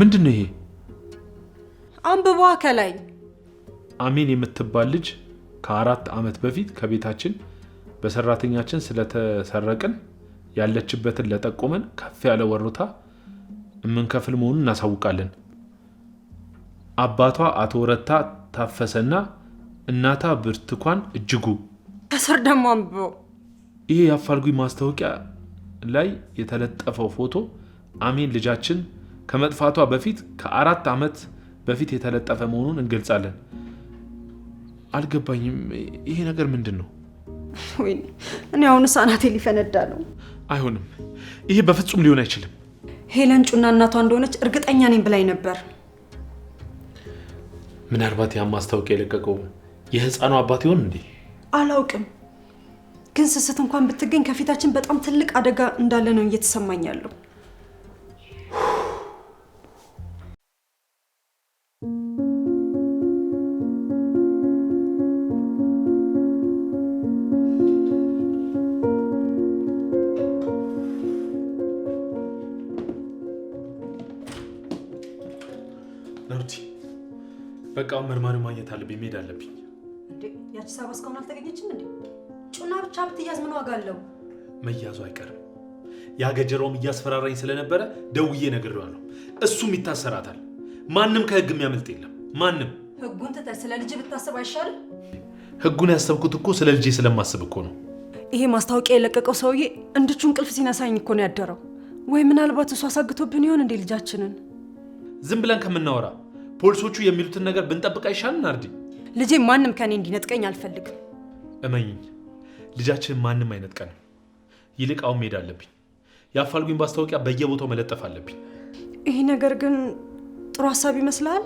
ምንድን ነው ይሄ? አንብቧ ከላይ አሜን የምትባል ልጅ ከአራት ዓመት በፊት ከቤታችን በሰራተኛችን ስለተሰረቅን ያለችበትን ለጠቆመን ከፍ ያለ ወሮታ የምንከፍል መሆኑን እናሳውቃለን። አባቷ አቶ ረታ ታፈሰና እናታ ብርቱካን እጅጉ ከስር ደግሞ አንብቦ ይሄ የአፋልጉኝ ማስታወቂያ ላይ የተለጠፈው ፎቶ አሜን ልጃችን ከመጥፋቷ በፊት ከአራት ዓመት በፊት የተለጠፈ መሆኑን እንገልጻለን። አልገባኝም። ይሄ ነገር ምንድን ነው? ወይኔ እኔ አሁን ሳናቴ ሊፈነዳ ነው። አይሆንም፣ ይሄ በፍጹም ሊሆን አይችልም። ሄለን ጩና እናቷ እንደሆነች እርግጠኛ ነኝ ብላኝ ነበር። ምናልባት ያም ማስታወቂያ የለቀቀው የህፃኑ አባት ይሆን እንዴ? አላውቅም፣ ግን ስስት እንኳን ብትገኝ ከፊታችን በጣም ትልቅ አደጋ እንዳለ ነው እየተሰማኝ ያለው። በቃ መርማሪው ማግኘት አለብኝ፣ መሄድ አለብኝ። እንዴ የአዲስ አበባ እስካሁን አልተገኘችም እንዴ? ጩና ብቻ ብትያዝ ምን ዋጋ አለው? መያዙ አይቀርም። ያገጀረውም እያስፈራራኝ ስለነበረ ደውዬ ነግሬዋለሁ። እሱም ይታሰራታል። ማንም ከህግ የሚያመልጥ የለም። ማንም ህጉን ትተህ ስለ ልጅ ብታስብ አይሻልም? ህጉን ያሰብኩት እኮ ስለ ልጄ ስለማስብ እኮ ነው። ይሄ ማስታወቂያ የለቀቀው ሰውዬ እንድቹ እንቅልፍ ሲነሳኝ እኮ ነው ያደረው። ወይ ምናልባት እሱ አሳግቶብን ይሆን እንዴ ልጃችንን? ዝም ብለን ከምናወራ ፖሊሶቹ የሚሉትን ነገር ብንጠብቅ አይሻልን? ናርዲ፣ ልጄ ማንም ከኔ እንዲነጥቀኝ አልፈልግም። እመኝኝ፣ ልጃችን ማንም አይነጥቀንም። ይልቅ አሁን መሄድ አለብኝ። የአፋልጉኝ ማስታወቂያ በየቦታው መለጠፍ አለብኝ። ይሄ ነገር ግን ጥሩ ሀሳብ ይመስላል።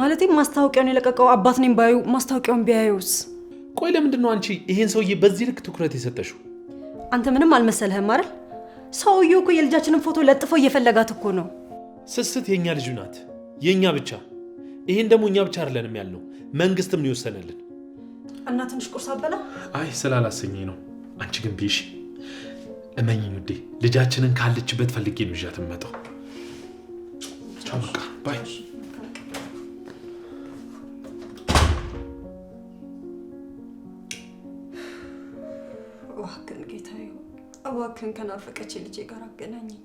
ማለቴም ማስታወቂያውን የለቀቀው አባት ነኝ ባዩ ማስታወቂያውን ቢያዩስ? ቆይ ለምንድን ነው አንቺ ይሄን ሰውዬ በዚህ ልክ ትኩረት የሰጠሽው? አንተ ምንም አልመሰለህም አይደል? ሰውዬው እኮ የልጃችንን ፎቶ ለጥፎ እየፈለጋት እኮ ነው። ስስት የእኛ ልጁ ናት። የእኛ ብቻ። ይሄን ደግሞ እኛ ብቻ አይደለንም ያልነው መንግስትም ይወሰነልን እና ትንሽ ቁርስ አበላ። አይ ስላላሰኘኝ ነው። አንቺ ግን ቢሽ እመኝኝ ውዴ፣ ልጃችንን ካለችበት ፈልጌ ነው ይዣት የምመጣው። ቻው በቃ ባይ። እባክህን ጌታዬ፣ እባክህን ከናፈቀች ልጄ ጋር አገናኘኝ።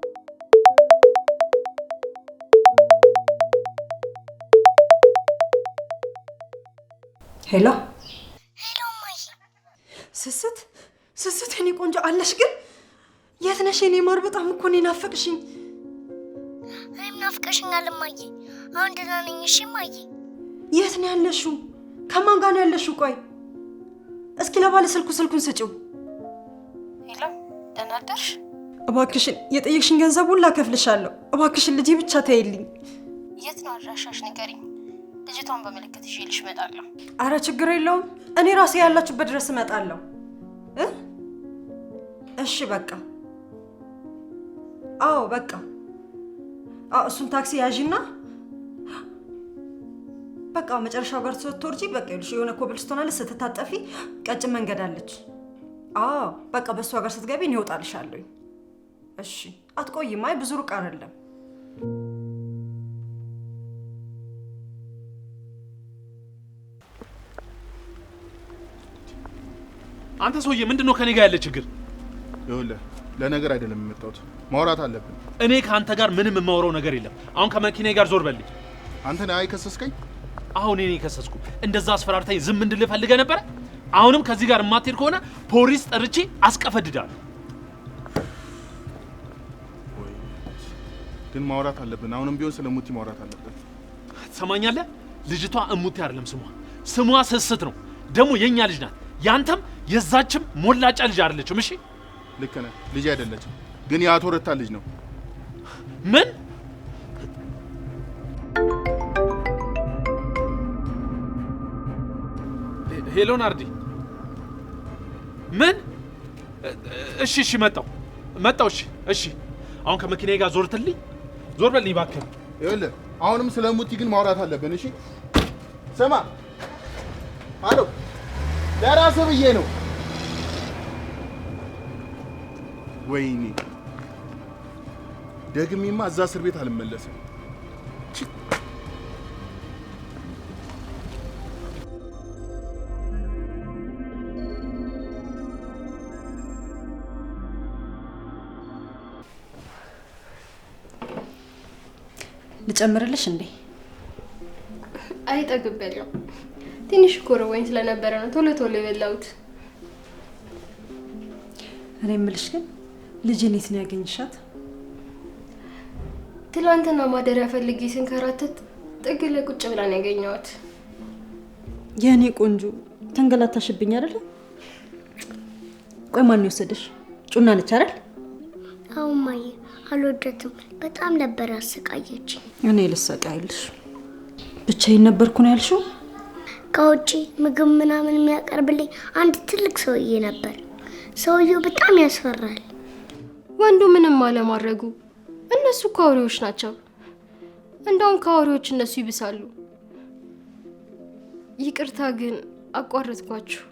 ሄሎ ስስት ስስት፣ የኔ ቆንጆ አለሽ? ግን የት ነሽ የኔ ማር? በጣም እኮ እኔ ናፈቅሽኝ። እኔም ናፍቀሽኛል እማዬ። አሁን ደህና ነኝ። እሺ እማዬ። የት ነው ያለሽው? ከማን ጋር ነው ያለሽው? ቆይ እስኪ ለባለ ስልኩ ስልኩን ስጭው ሄሎ፣ ደህና አደርሽ? እባክሽን የጠየቅሽኝ ገንዘብ ሁላ ከፍልሻለሁ። እባክሽን ልጄ ብቻ ተይልኝ። የት ነው አድራሻሽ? ንገሪኝ ልጅቷን በመለከት ይዤልሽ እመጣለሁ። አረ ችግር የለውም እኔ ራሴ ያላችሁበት ድረስ እመጣለሁ። እሺ በቃ አዎ በቃ አዎ እሱን ታክሲ ያዥና በቃ መጨረሻው ጋር ስትወርጂ በቃ ይኸውልሽ የሆነ ኮብልስቶን አለ ስትታጠፊ ቀጭን መንገድ አለች። አዎ በቃ በእሷ ጋር ስትገቢ እኔ እወጣልሻለሁ። እሺ አትቆይም። አይ ብዙ ሩቅ አይደለም። አንተ ሰውዬ ምንድን ነው ከኔ ጋር ያለ ችግር? ይኸውልህ ለነገር አይደለም የመጣሁት ማውራት አለብን። እኔ ከአንተ ጋር ምንም የማውራው ነገር የለም። አሁን ከመኪና ጋር ዞር በልኝ። አንተ ነህ አይከሰስከኝ? አሁን እኔ ከሰስኩ እንደዛ አስፈራርታኝ ዝም እንድልህ ፈልገህ ነበረ። አሁንም ከዚህ ጋር የማትሄድ ከሆነ ፖሊስ ጠርቼ አስቀፈድዳለሁ። ግን ማውራት አለብን። አሁንም ቢሆን ስለ ሙቲ ማውራት አለብን። ትሰማኛለህ? ልጅቷ እሙቲ አይደለም ስሟ፣ ስሟ ስስት ነው። ደግሞ የእኛ ልጅ ናት። ያንተም የዛችም ሞላጫ ልጅ አይደለችም። እሺ ልክ ነህ። ልጅ አይደለችም፣ ግን የአቶ ረታ ልጅ ነው። ምን ሄሎ ናርዲ፣ ምን? እሺ እሺ፣ መጣሁ መጣሁ። እሺ መጣው መጣው። እሺ እሺ አሁን ከመኪናዬ ጋር ዞር ትልኝ፣ ዞር በልኝ እባክህ። ይኸውልህ አሁንም ስለ ሙቲ ግን ማውራት አለብን። እሺ ስማ፣ አሎ ለራስ ብዬ ነው። ወይኔ ደግሜማ እዛ እስር ቤት አልመለስም። ልጨምርልሽ እንዴ? አይ ትንሽ ወይ ስለነበረ ነው ቶሎ ቶሎ የበላሁት። እኔ የምልሽ ግን ልጅ እኔት ነው ያገኝሻት? ትላንትና ማደሪያ ፈልጌ ስንከራተት ጥግ ላይ ቁጭ ብላ ነው የእኔ ቆንጆ ተንገላታሽብኝ አይደል? ቆይ ማን የወሰደሽ? ጩና ነች አይደል? አዎ እማዬ፣ አልወደትም። በጣም ነበር ያሰቃየች። እኔ ልሰቃይልሽ ብቻዬን ነበርኩ ነው ያልሽው? ከውጭ ምግብ ምናምን የሚያቀርብልኝ አንድ ትልቅ ሰውዬ ነበር። ሰውየው በጣም ያስፈራል። ወንዱ ምንም አለማድረጉ። እነሱ እኮ አውሬዎች ናቸው። እንደውም ከአውሬዎች እነሱ ይብሳሉ። ይቅርታ ግን አቋረጥኳችሁ።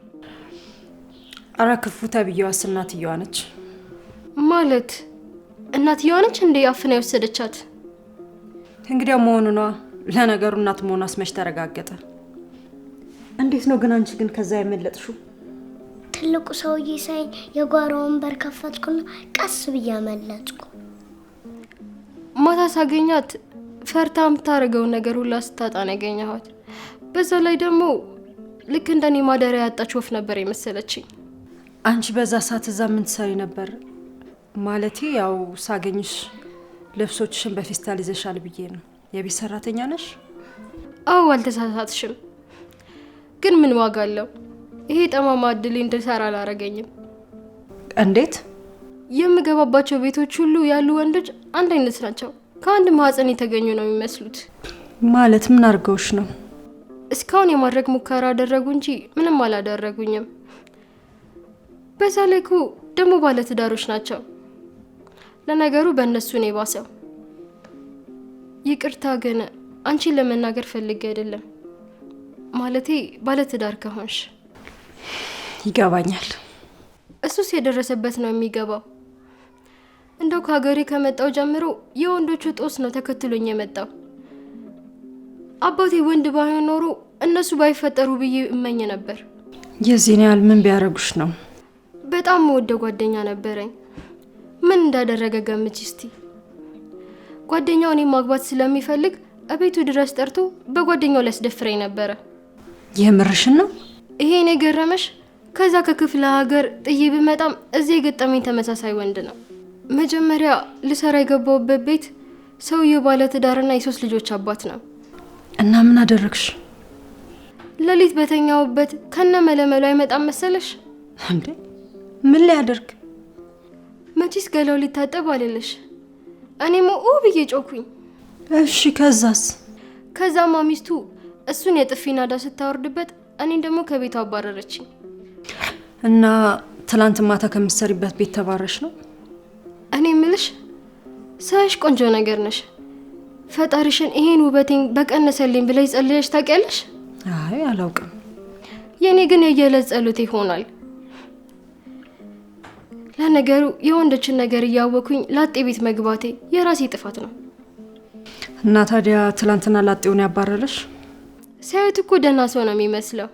አረ ክፉ ተብዬዋስ እናትየዋ ነች ማለት እናትየዋ ነች እንዴ? አፍና የወሰደቻት እንግዲያው መሆኑ ነዋ። ለነገሩ እናት መሆኗስ መች ተረጋገጠ? እንዴት ነው ግን አንቺ ግን ከዛ የመለጥሽው? ትልቁ ሰውዬ ሳይ የጓሮ ወንበር ከፈትኩና ቀስ ብዬ አመለጥኩ። ማታ ሳገኛት ፈርታ የምታደርገውን ነገር ሁላ ስታጣን ያገኘኋት። በዛ ላይ ደግሞ ልክ እንደኔ ማደሪያ ያጣች ወፍ ነበር የመሰለችኝ። አንቺ በዛ ሰዓት እዛ ምን ትሰሪ ነበር? ማለቴ ያው ሳገኝሽ ልብሶችሽን በፌስታል ይዘሻል ብዬ ነው። የቤት ሰራተኛ ነሽ? አዎ አልተሳሳትሽም። ግን ምን ዋጋ አለው? ይሄ ጠማማ እድል እንድሰራ አላረገኝም። እንዴት? የምገባባቸው ቤቶች ሁሉ ያሉ ወንዶች አንድ አይነት ናቸው። ከአንድ ማህፀን የተገኙ ነው የሚመስሉት። ማለት ምን አድርገውሽ ነው? እስካሁን የማድረግ ሙከራ አደረጉ እንጂ ምንም አላደረጉኝም። በዛ ላይ እኮ ደግሞ ባለትዳሮች ናቸው። ለነገሩ በእነሱ ነው የባሰው። ይቅርታ ግን አንቺን ለመናገር ፈልጌ አይደለም ማለቴ ባለትዳር ከሆንሽ ይገባኛል። እሱስ የደረሰበት ነው የሚገባው። እንደው ከሀገሬ ከመጣው ጀምሮ የወንዶቹ ጦስ ነው ተከትሎኝ የመጣው። አባቴ ወንድ ባይሆን ኖሮ እነሱ ባይፈጠሩ ብዬ እመኝ ነበር። የዚህን ያህል ምን ቢያደርጉሽ ነው? በጣም ወደ ጓደኛ ነበረኝ። ምን እንዳደረገ ገምች እስቲ። ጓደኛው እኔ ማግባት ስለሚፈልግ እቤቱ ድረስ ጠርቶ በጓደኛው ሊያስደፍረኝ ነበረ። የምርሽን ነው? ይሄን የገረመሽ? ከዛ ከክፍለ ሀገር ጥዬ ብመጣም እዚህ የገጠመኝ ተመሳሳይ ወንድ ነው። መጀመሪያ ልሰራ የገባውበት ቤት ሰውየው ባለ ትዳርና የሶስት ልጆች አባት ነው። እና ምን አደረግሽ? ሌሊት በተኛውበት ከነ መለመሉ አይመጣም መሰለሽ። እንዴ ምን ሊያደርግ? መቼስ ገላው ሊታጠብ አለለሽ። እኔም ኦ ብዬ ጮኩኝ። እሺ ከዛስ? ከዛማ ሚስቱ እሱን የጥፊ ናዳ ስታወርድበት እኔን ደግሞ ከቤት አባረረችኝ። እና ትላንት ማታ ከምትሰሪበት ቤት ተባረሽ ነው? እኔ ምልሽ ሰሽ ቆንጆ ነገር ነሽ። ፈጣሪሽን ይሄን ውበቴን በቀነሰልኝ ብለሽ ጸልየሽ ታውቂያለሽ? አይ አላውቅም። የእኔ ግን የየዕለት ይሆናል። ለነገሩ የወንዶችን ነገር እያወኩኝ ላጤ ቤት መግባቴ የራሴ ጥፋት ነው። እና ታዲያ ትላንትና ላጤውን ያባረረሽ? ሲያዩት እኮ ደህና ሰው ነው የሚመስለው።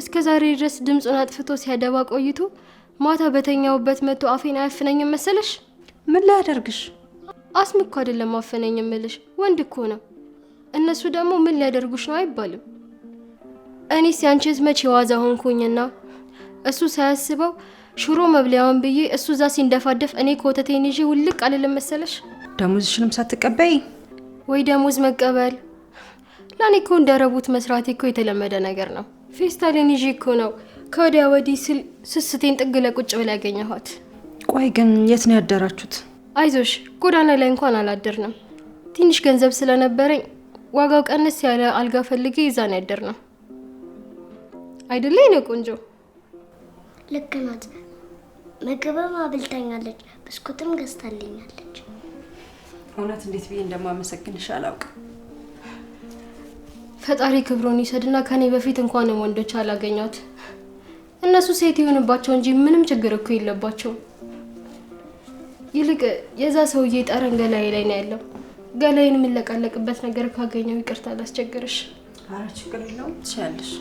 እስከ ዛሬ ድረስ ድምፁን አጥፍቶ ሲያደባ ቆይቶ ማታ በተኛውበት መጥቶ አፌን አያፍነኝም መሰለሽ? ምን ሊያደርግሽ? አስም እኮ አይደለም አፍነኝ ምልሽ፣ ወንድ እኮ ነው። እነሱ ደግሞ ምን ሊያደርጉሽ ነው አይባልም። እኔ ያንቺስ መቼ የዋዛ ሆንኩኝና እሱ ሳያስበው ሽሮ መብለያውን ብዬ እሱ እዛ ሲንደፋደፍ እኔ ኮተቴን ይዤ ውልቅ አልልም መሰለሽ። ደሞዝሽንም ሳትቀበይ ወይ ደሞዝ መቀበል ለእኔ እኮ እንደረቡት መስራቴ እኮ የተለመደ ነገር ነው። ፌስታሌን ይዤ እኮ ነው ከወዲያ ወዲህ ስል ስስቴን ጥግ ለቁጭ ብላ ያገኘኋት። ቆይ ግን የት ነው ያደራችሁት? አይዞሽ ጎዳና ላይ እንኳን አላደርንም። ትንሽ ገንዘብ ስለነበረኝ ዋጋው ቀንስ ያለ አልጋ ፈልጌ ይዛን ያደር ነው አይደለ? ነው ቆንጆ ልክ ናት። ምግብም አብልታኛለች፣ ብስኩትም ገዝታልኛለች። እውነት እንዴት ብዬ እንደማመሰግንሽ አላውቅም። ፈጣሪ ክብሩን ይሰድና ከኔ በፊት እንኳንም ወንዶች አላገኛት። እነሱ ሴት ይሆንባቸው እንጂ ምንም ችግር እኮ የለባቸው። ይልቅ የዛ ሰውዬ ጠረን ገላይ ላይ ነው ያለው። ገላይን የምለቀለቅበት ነገር ካገኘው ይቅርታ ላስቸግርሽ። ኧረ ችግር የለውም ትችያለሽ።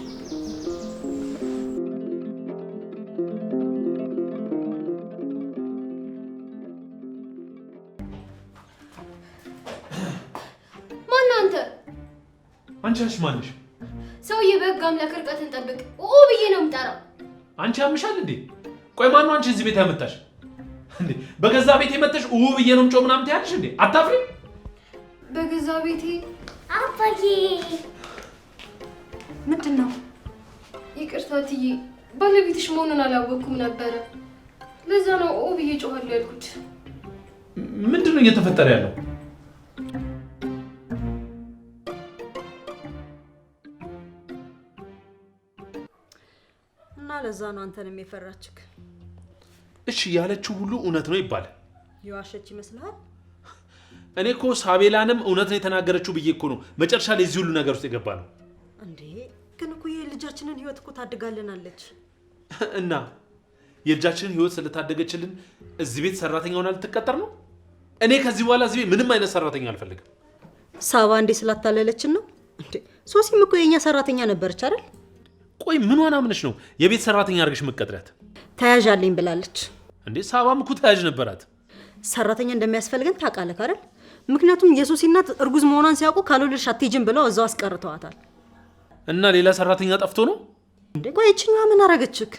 አንቺ አሽ ማንሽ ሰውዬ፣ በህግ አምላክ እርቀትን ጠብቅ። ኦ ብዬ ነው የምጠራው። አንቺ ያምሻል እንዴ? ቆይ ማነው አንቺ እዚህ ቤት ያመጣሽ እንዴ? በገዛ ቤቴ መጥተሽ ኡ ብዬ ነው የምጮህ ምናምን ትያለሽ እንዴ? አታፍሪ። በገዛ ቤቴ አባዬ። ምንድን ነው? ይቅርታ እትዬ፣ ባለቤትሽ መሆኑን አላወቅኩም ነበረ። ለዛ ነው ኦ ብዬ ጮኋለሁ ያልኩት። ምንድን ነው እየተፈጠረ ያለው? ለዛ ነው አንተን የፈራችክ። እሺ ያለችው ሁሉ እውነት ነው ይባል። የዋሸች ይመስልሃል? እኔ እኮ ሳቤላንም እውነት ነው የተናገረችው ብዬ እኮ ነው መጨረሻ ላይ እዚህ ሁሉ ነገር ውስጥ የገባ ነው። እንዴ ግን እኮ የልጃችንን ህይወት እኮ ታድጋልናለች እና የልጃችንን ህይወት ስለታደገችልን እዚህ ቤት ሰራተኛ ሆና ልትቀጠር ነው። እኔ ከዚህ በኋላ እዚህ ቤት ምንም አይነት ሰራተኛ አልፈልግም። ሳባ እንዴ ስላታለለችን ነው እንዴ። ሶሲም እኮ የእኛ ሰራተኛ ነበረች አይደል? ቆይ ምን ሆና ምንሽ ነው የቤት ሰራተኛ አድርገሽ መቀጥሪያት? ተያዣለኝ አለኝ ብላለች እንዴ? ሳባም እኮ ተያዥ ነበራት። ሰራተኛ እንደሚያስፈልገን ታውቃለህ አይደል? ምክንያቱም የሱሲ እናት እርጉዝ መሆኗን ሲያውቁ ካልወለድሽ አትሄጂም ብለው እዛው አስቀርተዋታል። እና ሌላ ሰራተኛ ጠፍቶ ነው እንዴ? ቆይ ይችኛዋ ምን አረገችክ?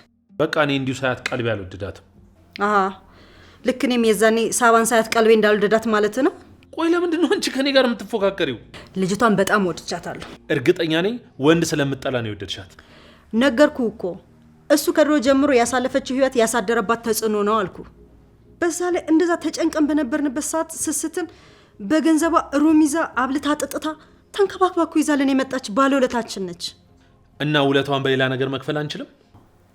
በቃ እኔ እንዲሁ ሳያት ቀልቤ አልወደዳትም። አሀ ልክ እኔም የዛኔ ሳባን ሳያት ቀልቤ እንዳልወደዳት ማለት ነው። ቆይ ለምንድን ነው አንቺ ከኔ ጋር የምትፎካከሪው? ልጅቷን በጣም ወድቻታለሁ። እርግጠኛ ነኝ ወንድ ስለምጠላ ነው የወደድሻት። ነገርኩ እኮ እሱ ከድሮ ጀምሮ ያሳለፈችው ህይወት ያሳደረባት ተጽዕኖ ነው አልኩ። በዛ ላይ እንደዛ ተጨንቀን በነበርንበት ሰዓት ስስትን በገንዘቧ ሩም ይዛ አብልታ ጥጥታ ተንከባክባኩ ይዛለን ይዛልን የመጣች ባለውለታችን ነች። እና ውለቷን በሌላ ነገር መክፈል አንችልም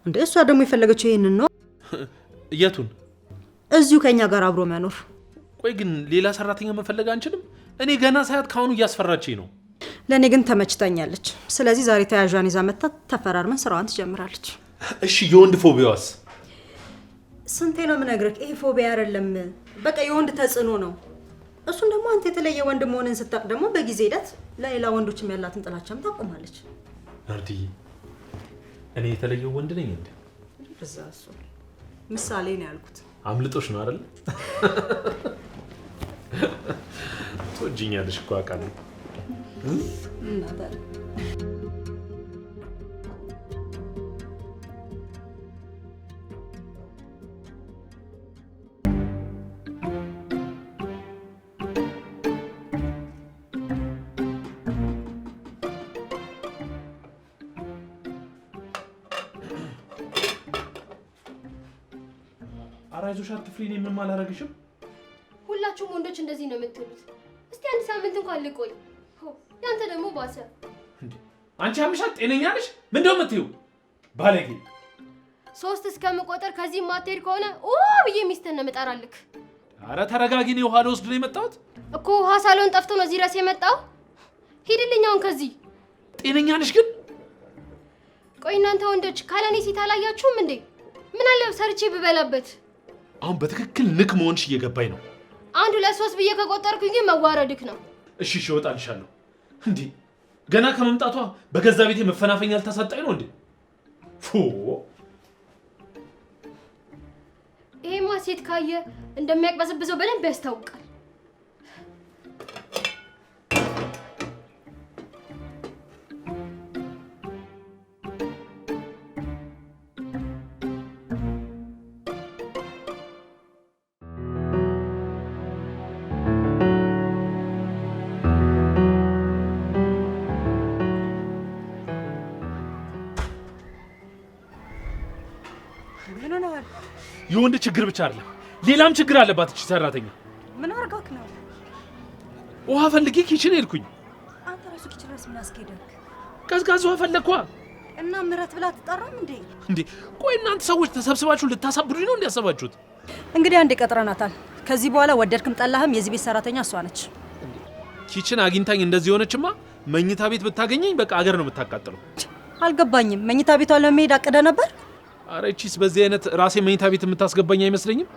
እንደ እሷ ደግሞ የፈለገችው ይህንን ነው። የቱን? እዚሁ ከእኛ ጋር አብሮ መኖር። ቆይ ግን ሌላ ሰራተኛ መፈለግ አንችልም? እኔ ገና ሳያት ከአሁኑ እያስፈራችኝ ነው። ለእኔ ግን ተመችታኛለች። ስለዚህ ዛሬ ተያዣን ይዛ መታ ተፈራርመን ስራዋን ትጀምራለች። እሺ የወንድ ፎቢያዋስ? ስንቴ ነው የምነግርህ? ይሄ ፎቢያ አይደለም፣ በቃ የወንድ ተጽዕኖ ነው። እሱን ደግሞ አንተ የተለየ ወንድ መሆንን ስታቅ ደግሞ በጊዜ ሂደት ለሌላ ወንዶችም ያላትን ጥላቻም ታቁማለች ናርዲዬ፣ እኔ የተለየው ወንድ ነኝ እንዴ? እዛ እሱ ምሳሌ ነው ያልኩት። አምልጦሽ ነው አይደል? ትወጂኛለሽ እኮ አውቃለሁ না তাহলে አይዞሽ አትፍሪ፣ እኔ ምንም አላደርግሽም። ሁላችሁም ወንዶች እንደዚህ ነው የምትሉት። እስቲ አንድ ሳምንት እንኳን ልቆይ። ያንተ ደግሞ ባሰ። አንቺ አምሻት ጤነኛ ነሽ? ምንድን ነው የምትይው? ባለጌ ሶስት እስከምቆጥር ከዚህ ማትሄድ ከሆነ ኦ ብዬ ሚስትህን ነው የምጠራልክ። አረ ተረጋጊ። ነው ውሃ ልወስድ ነው የመጣሁት እኮ ውሃ ሳሎን ጠፍቶ ነው እዚህ ድረስ የመጣው። ሂድልኝ አሁን ከዚህ። ጤነኛ ነሽ ግን? ቆይ እናንተ ወንዶች ካለኔ ሴት አላያችሁም እንዴ? ምን አለ ሰርቼ ብበላበት። አሁን በትክክል ንክ መሆንሽ እየገባኝ ነው። አንዱ ለሶስት ብዬ ከቆጠርኩኝ ግን መዋረድክ ነው። እሺ እሺ፣ እወጣልሻለሁ እንዴ ገና ከመምጣቷ በገዛ ቤቴ መፈናፈኛ ልታሳጣኝ ነው እንዴ? ፎ ይሄማ ሴት ካየ እንደሚያቅበዘብዘው በደንብ ያስታውቃል። የወንድ ችግር ብቻ አይደለም፣ ሌላም ችግር አለባት እቺ ሰራተኛ። ምን አርጋክ ነው? ውሃ ፈልጌ ኪችን ሄድኩኝ። አንተ ራሱ ኪችን ድረስ ምን አስኬደክ? ቀዝቃዛ ውሃ ፈለግኳ እና ምረት ብላ አትጠራም እንዴ? እንዴ ቆይ እናንተ ሰዎች ተሰብስባችሁ ልታሳብዱኝ ነው እንዲያሰባችሁት? እንግዲህ አንዴ ቀጥረናታል። ከዚህ በኋላ ወደድክም ጠላህም የዚህ ቤት ሰራተኛ እሷ ነች። ኪችን አግኝታኝ እንደዚህ የሆነችማ መኝታ ቤት ብታገኘኝ በቃ አገር ነው የምታቃጥለው። አልገባኝም። መኝታ ቤቷ ለመሄድ አቅደ ነበር አረ ይቺስ በዚህ አይነት ራሴ መኝታ ቤት የምታስገባኝ አይመስለኝም።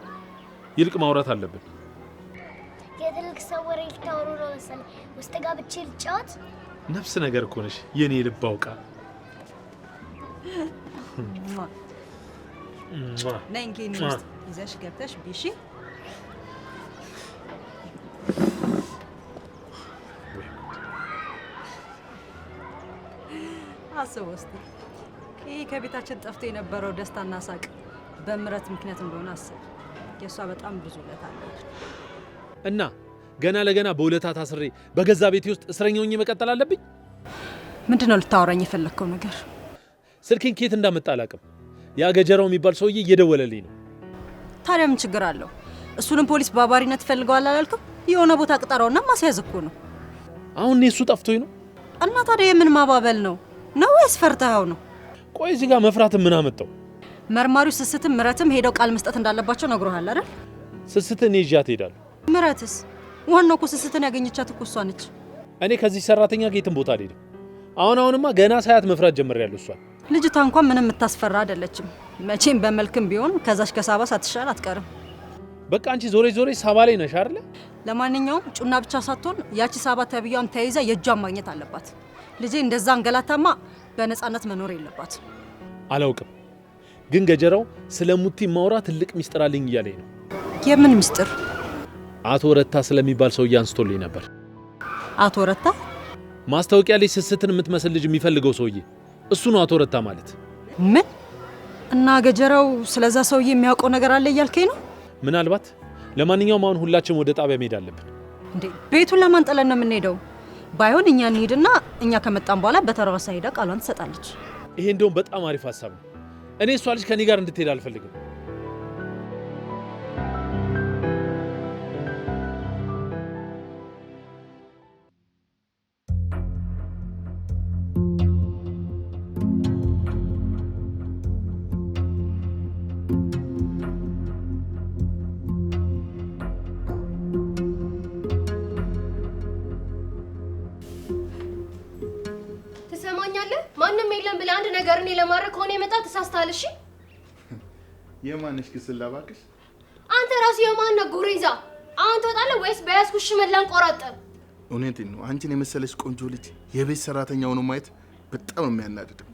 ይልቅ ማውራት አለብን። የትልቅ ሰው ወሬ ልታወሩ ነው መሰለኝ። ውስጥ ጋር ብቻ ልጫወት። ነፍስ ነገር እኮ ነሽ የኔ ልብ አውቃ። ነይ ይዘሽ ገብተሽ ቢሺ አስብ ውስጥ ይህ ከቤታችን ጠፍቶ የነበረው ደስታና ሳቅ በምረት ምክንያት እንደሆነ አስብ። የእሷ በጣም ብዙ ውለታ አለች እና ገና ለገና በውለታ ታስሬ በገዛ ቤቴ ውስጥ እስረኛውኝ መቀጠል አለብኝ? ምንድን ነው ልታወራኝ የፈለግከው ነገር? ስልኬን ከየት እንዳመጣ አላቅም። ያ ገጀራው የሚባል ሰውዬ እየደወለልኝ ነው። ታዲያ ምን ችግር አለው? እሱንም ፖሊስ በአባሪነት ፈልገዋል አላልክም? የሆነ ቦታ ቅጠረውና ማስያዝ እኮ ነው። አሁን እሱ ጠፍቶኝ ነው እና ታዲያ የምን ማባበል ነው ነው ወይስ ፈርተኸው ነው? ቆይ እዚህ ጋር መፍራትም ምን አመጣው? መርማሪው ስስትም ምረትም ሄደው ቃል መስጠት እንዳለባቸው ነግሮሃል አይደል? ስስትን ይዣት እሄዳለሁ። ምረትስ? ዋናው እኮ ስስትን ያገኘቻት እኮ እሷ ነች። እኔ ከዚህ ሰራተኛ ጌትን ቦታ አልሄድም። አሁን አሁንማ ገና ሳያት መፍራት ጀምሬያለሁ። እሷ ልጅቷ እንኳን ምንም የምታስፈራ አይደለችም። መቼም በመልክም ቢሆን ከዛሽ ከሳባ ሳትሻል አትቀርም። በቃ አንቺ ዞሬ ዞሬ ሳባ ላይ ነሽ አይደለ? ለማንኛውም ጩና ብቻ ሳትሆን ያቺ ሳባ ተብያም ተይዛ የእጇን ማግኘት አለባት። ልጄ እንደዛ አንገላታማ በነፃነት መኖር የለባት። አላውቅም ግን ገጀራው ስለ ሙቲ ማውራ ትልቅ ሚስጥር አለኝ እያለኝ ነው። የምን ሚስጥር? አቶ ረታ ስለሚባል ሰውዬ አንስቶልኝ ነበር። አቶ ረታ? ማስታወቂያ ላይ ስስትን የምትመስል ልጅ የሚፈልገው ሰውዬ እሱ ነው። አቶ ረታ ማለት ምን? እና ገጀራው ስለዛ ሰውዬ የሚያውቀው ነገር አለ እያልከኝ ነው? ምናልባት ለማንኛውም አሁን ሁላችንም ወደ ጣቢያ መሄድ አለብን። እንዴ ቤቱን ለማን ጥለን ነው የምንሄደው? ባይሆን እኛ እንሂድና እኛ ከመጣን በኋላ በተራዋ ሄዳ ቃሏን ትሰጣለች። ይሄ እንደውም በጣም አሪፍ ሀሳብ ነው። እኔ እሷ ልጅ ከኔ ጋር እንድትሄድ አልፈልግም። ነገር እኔ ለማድረግ ከሆነ የመጣ ተሳስተሃል። እሺ የማንሽ ክስ ላባክሽ አንተ ራሱ የማነ ጉሪዛ አሁን ትወጣለህ ወይስ በያዝኩሽ ሽመላን ቆራጠ? እውነቴን ነው። አንቺን የመሰለች ቆንጆ ልጅ የቤት ሰራተኛ ሆኖ ማየት በጣም ነው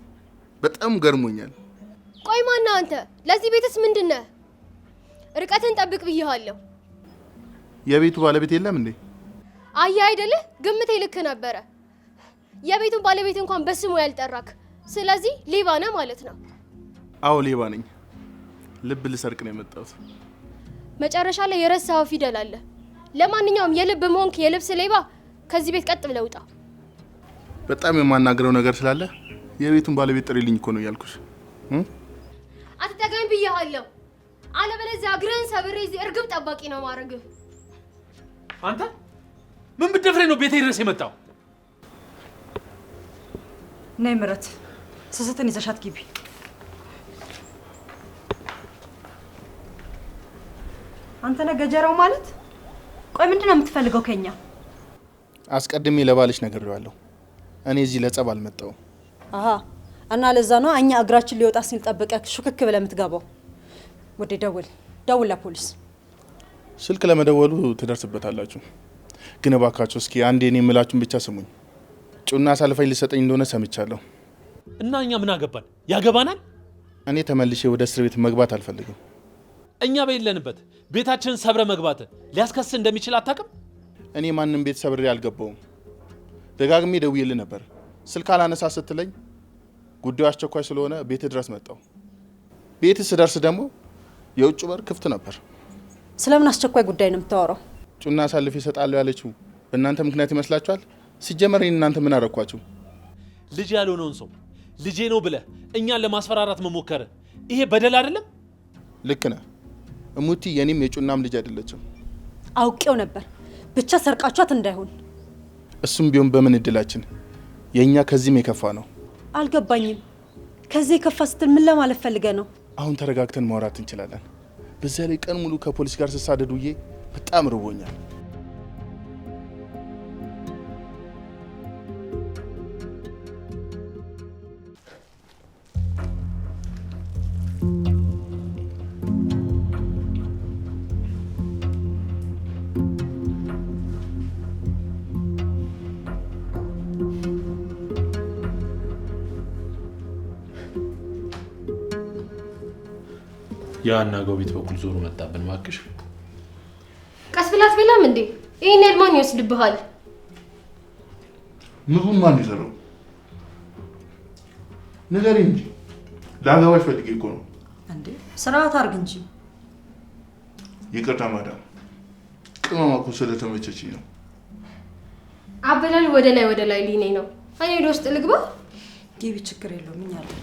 በጣም ገርሞኛል። ቆይ ማና አንተ ለዚህ ቤትስ ምንድን ነህ? ርቀትን ጠብቅ ብዬሃለሁ። የቤቱ ባለቤት የለም እንዴ? አያ አይደለ? ግምቴ ልክ ነበረ። የቤቱን ባለቤት እንኳን በስሙ ያልጠራክ ስለዚህ ሌባ ነህ ማለት ነው። አዎ ሌባ ነኝ። ልብ ልሰርቅ ነው የመጣሁት። መጨረሻ ላይ የረሳኸው ፊደል አለ። ለማንኛውም የልብ መሆንክ የልብስ ሌባ፣ ከዚህ ቤት ቀጥ ብለህ ውጣ። በጣም የማናገረው ነገር ስላለ የቤቱን ባለቤት ጥሪልኝ እኮ ነው እያልኩሽ። አትጠቀም ብያሃለሁ። አለበለዚያ እግርህን ሰብሬ እዚህ እርግብ ጠባቂ ነው ማድረግ። አንተ ምን ብደፍሬ ነው ቤቴ ድረስ የመጣው? ነይ ምረት ስስትን ይዘሻት ግቢ። አንተ ነህ ገጀራው ማለት። ቆይ ምንድን ነው የምትፈልገው ከኛ? አስቀድሜ ለባልሽ ነግሬዋለሁ። እኔ እዚህ ለጸብ አልመጣሁም። አሀ እና ለዛ ነው እኛ እግራችን ሊወጣ ሲል ጠብቀ ሹክክ ብለህ የምትገባው። ወደ ደውል ደውል ለፖሊስ። ስልክ ለመደወሉ ትደርስበታላችሁ። ግን እባካችሁ እስኪ አንዴ እኔ የምላችሁን ብቻ ስሙኝ። ጩና አሳልፋኝ ልሰጠኝ እንደሆነ ሰምቻለሁ። እና እኛ ምን አገባን? ያገባናል። እኔ ተመልሼ ወደ እስር ቤት መግባት አልፈልግም። እኛ በሌለንበት ቤታችንን ሰብረ መግባት ሊያስከስ እንደሚችል አታውቅም? እኔ ማንም ቤት ሰብሬ አልገባውም። ደጋግሜ ደውዬልህ ነበር፣ ስልክ አላነሳ ስትለኝ ጉዳዩ አስቸኳይ ስለሆነ ቤት ድረስ መጣው። ቤት ስደርስ ደግሞ የውጭ በር ክፍት ነበር። ስለምን አስቸኳይ ጉዳይ ነው የምታወራው? ጩና አሳልፌ ይሰጣለሁ ያለችው በእናንተ ምክንያት ይመስላችኋል? ሲጀመር እናንተ ምን አረኳችሁ? ልጅ ያልሆነውን ሰው ልጄ ነው ብለህ እኛን ለማስፈራራት መሞከር ይሄ በደል አይደለም? ልክ ነህ እሙቲ። የኔም የጩናም ልጅ አይደለችም። አውቄው ነበር። ብቻ ሰርቃቿት እንዳይሆን። እሱም ቢሆን በምን እድላችን። የእኛ ከዚህም የከፋ ነው። አልገባኝም። ከዚህ የከፋ ስትል ምን ለማለት ፈልገ ነው? አሁን ተረጋግተን ማውራት እንችላለን። በዚያ ላይ ቀን ሙሉ ከፖሊስ ጋር ስሳደዱዬ በጣም ርቦኛል። ና ጎቢት በኩል ዞሮ መጣብን። እባክሽ ቀስ ብላት በላም እንዴ ይህን ልማን ይወስድብሃል። ምግቡን ማን ይሰራው? ንገሪ እንጂ ለአገባሽ ፈልጌ እኮ ነው። እንዴ ስርዓት አድርግ እንጂ። ይቅርታ ማዳም፣ ቅመማ እኮ ስለተመቸችኝ ነው። አበላል ወደ ላይ ወደ ላይ ሊኔ ነው። እኔ ወደ ውስጥ ልግባ። ጌቢ ችግር የለውም እኛ አለን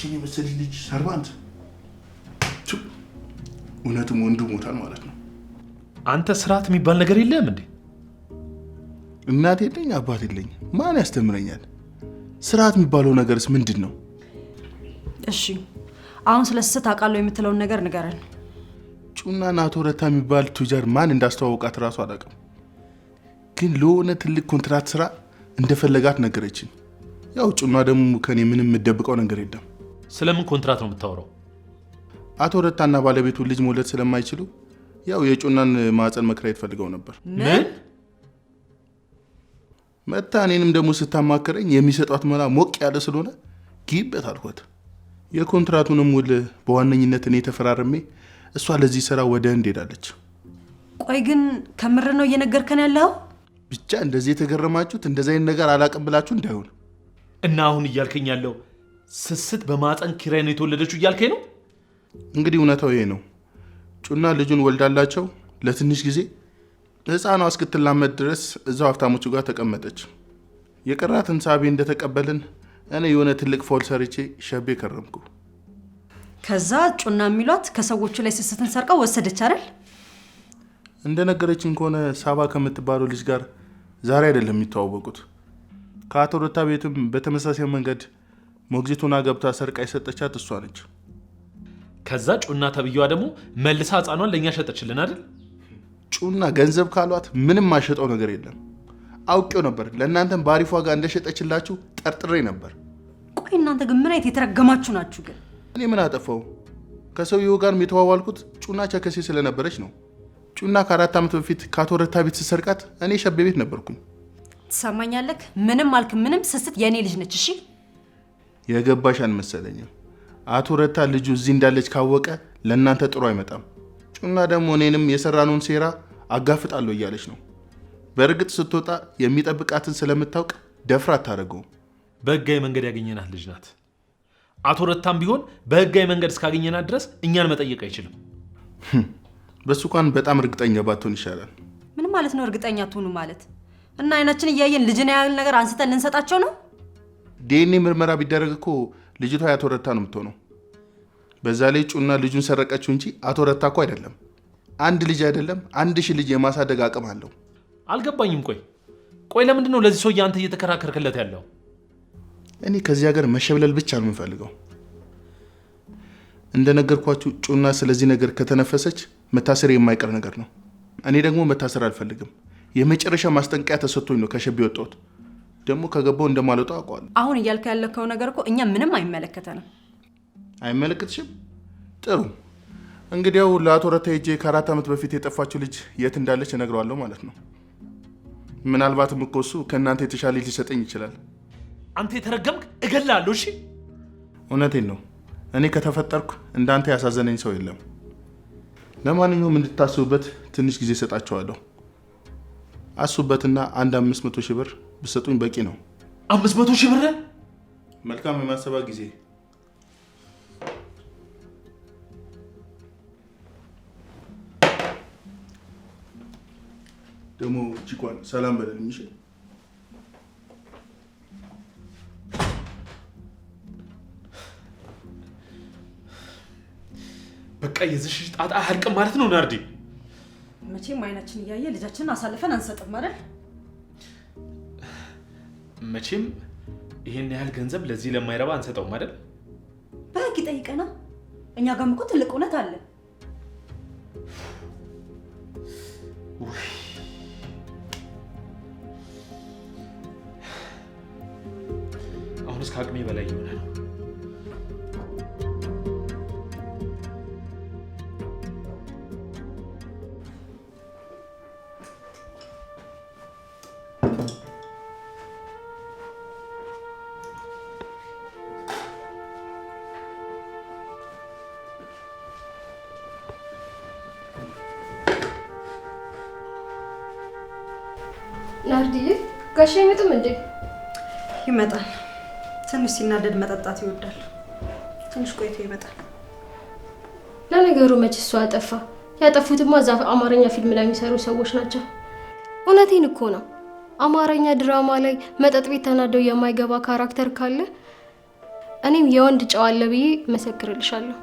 ችን የመሰለች ልጅ ሰርቫንት እውነትም ወንዱ ሞታል ማለት ነው። አንተ ስርዓት የሚባል ነገር የለም እንዴ? እናት የለኝ አባት የለኝ፣ ማን ያስተምረኛል? ስርዓት የሚባለው ነገርስ ምንድን ነው? እሺ አሁን ስለ ስስት አውቃለሁ የምትለውን ነገር ንገረን። ጩናና አቶ ረታ የሚባል ቱጃር ማን እንዳስተዋወቃት እራሱ አላውቅም፣ ግን ለሆነ ትልቅ ኮንትራት ስራ እንደፈለጋት ነገረችን። ያው ጩና ደግሞ ከኔ ምንም የምደብቀው ነገር የለም። ስለምን ኮንትራት ነው የምታወራው? አቶ ረታና ባለቤቱ ልጅ መውለድ ስለማይችሉ ያው የጮናን ማዕፀን መከራየት ፈልገው ነበር። ምን መታ እኔንም ደግሞ ስታማክረኝ የሚሰጧት መላ ሞቅ ያለ ስለሆነ ጊበት አልኳት። የኮንትራቱንም ውል በዋነኝነት እኔ ተፈራርሜ እሷ ለዚህ ስራ ወደ ህንድ ሄዳለች። ቆይ ግን ከምር ነው እየነገርከን ያለው? ብቻ እንደዚህ የተገረማችሁት እንደዚህ አይነት ነገር አላቅም ብላችሁ እንዳይሆን እና አሁን እያልከኝ ያለው ስስት በማጠን ኪራይ ነው የተወለደችው እያልከኝ ነው? እንግዲህ እውነታው ይሄ ነው። ጩና ልጁን ወልዳላቸው ለትንሽ ጊዜ ህፃኗ እስክትላመድ ድረስ እዛው ሀብታሞቹ ጋር ተቀመጠች። የቀራትን ሳቤ እንደተቀበልን እኔ የሆነ ትልቅ ፎል ሰርቼ ሸቤ ከረምኩ። ከዛ ጩና የሚሏት ከሰዎቹ ላይ ስስትን ሰርቀው ወሰደች አይደል? እንደነገረችን ከሆነ ሳባ ከምትባለው ልጅ ጋር ዛሬ አይደለም የሚተዋወቁት። ከአቶ ሮታ ቤትም በተመሳሳይ መንገድ ሞግዚቱና ገብታ ሰርቃ የሰጠቻት እሷ ነች። ከዛ ጩና ተብዬዋ ደግሞ መልሳ ሕፃኗን ለእኛ ሸጠችልን አይደል? ጩና ገንዘብ ካሏት ምንም ማሸጠው ነገር የለም። አውቄው ነበር። ለእናንተም በአሪፍ ዋጋ እንደሸጠችላችሁ ጠርጥሬ ነበር። ቆይ እናንተ ግን ምን አይነት የተረገማችሁ ናችሁ? ግን እኔ ምን አጠፋው? ከሰውየው ጋር የተዋዋልኩት ጩና ቸከሴ ስለነበረች ነው። ጩና ከአራት ዓመት በፊት ከአቶ ረታ ቤት ስሰርቃት እኔ ሸቤ ቤት ነበርኩኝ። ትሰማኛለህ? ምንም አልክ ምንም፣ ስስት የእኔ ልጅ ነች። እሺ የገባሽ አልመሰለኝም። አቶ ረታ ልጁ እዚህ እንዳለች ካወቀ ለእናንተ ጥሩ አይመጣም። ጩና ደግሞ እኔንም የሰራነውን ሴራ አጋፍጣለሁ እያለች ነው። በእርግጥ ስትወጣ የሚጠብቃትን ስለምታውቅ ደፍራ አታደርገውም። በህጋዊ መንገድ ያገኘናት ልጅ ናት። አቶ ረታም ቢሆን በህጋዊ መንገድ እስካገኘናት ድረስ እኛን መጠየቅ አይችልም። በሱ እንኳን በጣም እርግጠኛ ባትሆን ይሻላል። ምን ማለት ነው እርግጠኛ ትሆኑ ማለት? እና አይናችን እያየን ልጅን ያህል ነገር አንስተን ልንሰጣቸው ነው? ዲኤንኤ ምርመራ ቢደረግ እኮ ልጅቷ የአቶ ረታ ነው የምትሆነው። በዛ ላይ ጩና ልጁን ሰረቀችው እንጂ አቶ ረታ እኮ አይደለም። አንድ ልጅ አይደለም አንድ ሺህ ልጅ የማሳደግ አቅም አለው። አልገባኝም። ቆይ ቆይ፣ ለምንድን ነው ለዚህ ሰውዬ አንተ እየተከራከርክለት ያለው? እኔ ከዚህ ሀገር መሸብለል ብቻ ነው የምንፈልገው። እንደነገርኳችሁ ጩና ስለዚህ ነገር ከተነፈሰች መታሰር የማይቀር ነገር ነው። እኔ ደግሞ መታሰር አልፈልግም። የመጨረሻ ማስጠንቀቂያ ተሰጥቶኝ ነው ከሸብ ወጣሁት። ደግሞ ከገባው እንደማልወጣው አውቀዋለሁ። አሁን እያልከ ያለከው ነገር እኮ እኛ ምንም አይመለከተንም። አይመለከትሽም? ጥሩ እንግዲያው ለአቶ ረታ ሄጄ ከአራት ዓመት በፊት የጠፋችው ልጅ የት እንዳለች እነግረዋለሁ ማለት ነው። ምናልባትም እኮ እሱ ከእናንተ የተሻለ ሊሰጠኝ ይችላል። አንተ የተረገምክ እገላለሁ። እሺ፣ እውነቴን ነው። እኔ ከተፈጠርኩ እንዳንተ ያሳዘነኝ ሰው የለም። ለማንኛውም እንድታስቡበት ትንሽ ጊዜ እሰጣቸዋለሁ። አስቡበትና አንድ አምስት መቶ ሺህ ብር ብሰጡኝ በቂ ነው። አምስት መቶ ሺህ ብር። መልካም የማሰባ ጊዜ። ደግሞ ቺኳን ሰላም በለን የሚችል በቃ የዚህ ጣጣ አያልቅም ማለት ነው ናርዲ። መቼም አይናችን እያየ ልጃችንን አሳልፈን አንሰጥም አይደል? መቼም ይሄን ያህል ገንዘብ ለዚህ ለማይረባ አንሰጠውም አይደል? በህግ ይጠይቀና። እኛ ጋርም እኮ ትልቅ እውነት አለ። አሁን እስከ ከአቅሜ በላይ የሆነ ነው። ጋሽ አይመጡም እንዴ? ይመጣል። ትንሽ ሲናደድ መጠጣት ይወዳል። ትንሽ ቆይቶ ይመጣል። ለነገሩ መች እሱ አጠፋ? ያጠፉትማ እዛ አማርኛ ፊልም ላይ የሚሰሩ ሰዎች ናቸው። እውነቴን እኮ ነው። አማርኛ ድራማ ላይ መጠጥ ቤት ተናደው የማይገባ ካራክተር ካለ እኔም የወንድ ጨዋለ ብዬ መሰክርልሻለሁ።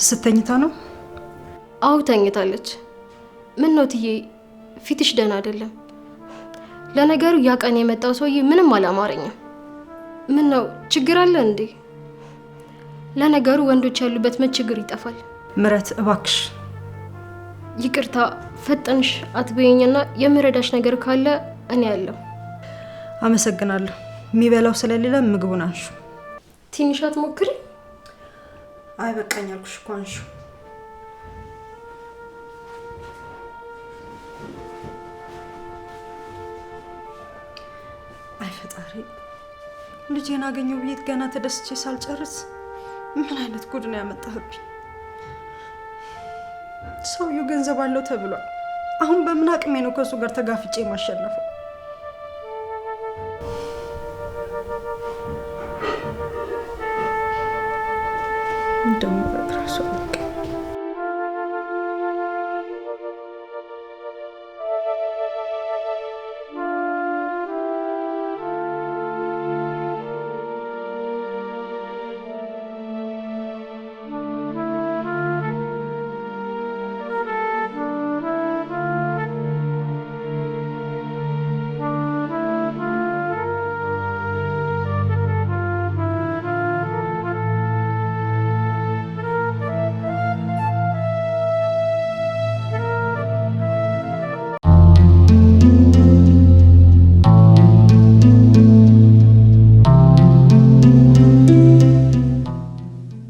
ስስተኝታ ነው? አዎ ተኝታለች። ምን ነው ትዬ፣ ፊትሽ ደህና አይደለም። ለነገሩ ያ ቀን የመጣው ሰውዬ ምንም አላማረኝም። ምን ነው ችግር አለ እንዴ? ለነገሩ ወንዶች ያሉበት ምን ችግር ይጠፋል? ምረት እባክሽ ይቅርታ ፈጠንሽ አትበይኝና የምረዳሽ ነገር ካለ እኔ ያለው። አመሰግናለሁ። የሚበላው ስለሌለ ምግቡን አንሹ። ትንሽ አትሞክሪ? አይ በቃኝ አልኩሽ እኮ አንሹ። ልጄን አገኘው ብዬት ገና ተደስቼ ሳልጨርስ ምን አይነት ጉድ ነው ያመጣህብኝ? ገንዘብ አለው ተብሏል። አሁን በምን አቅሜ ነው ከእሱ ጋር ተጋፍጬ ማሸነፈው? እንደሚበቅ ራሱ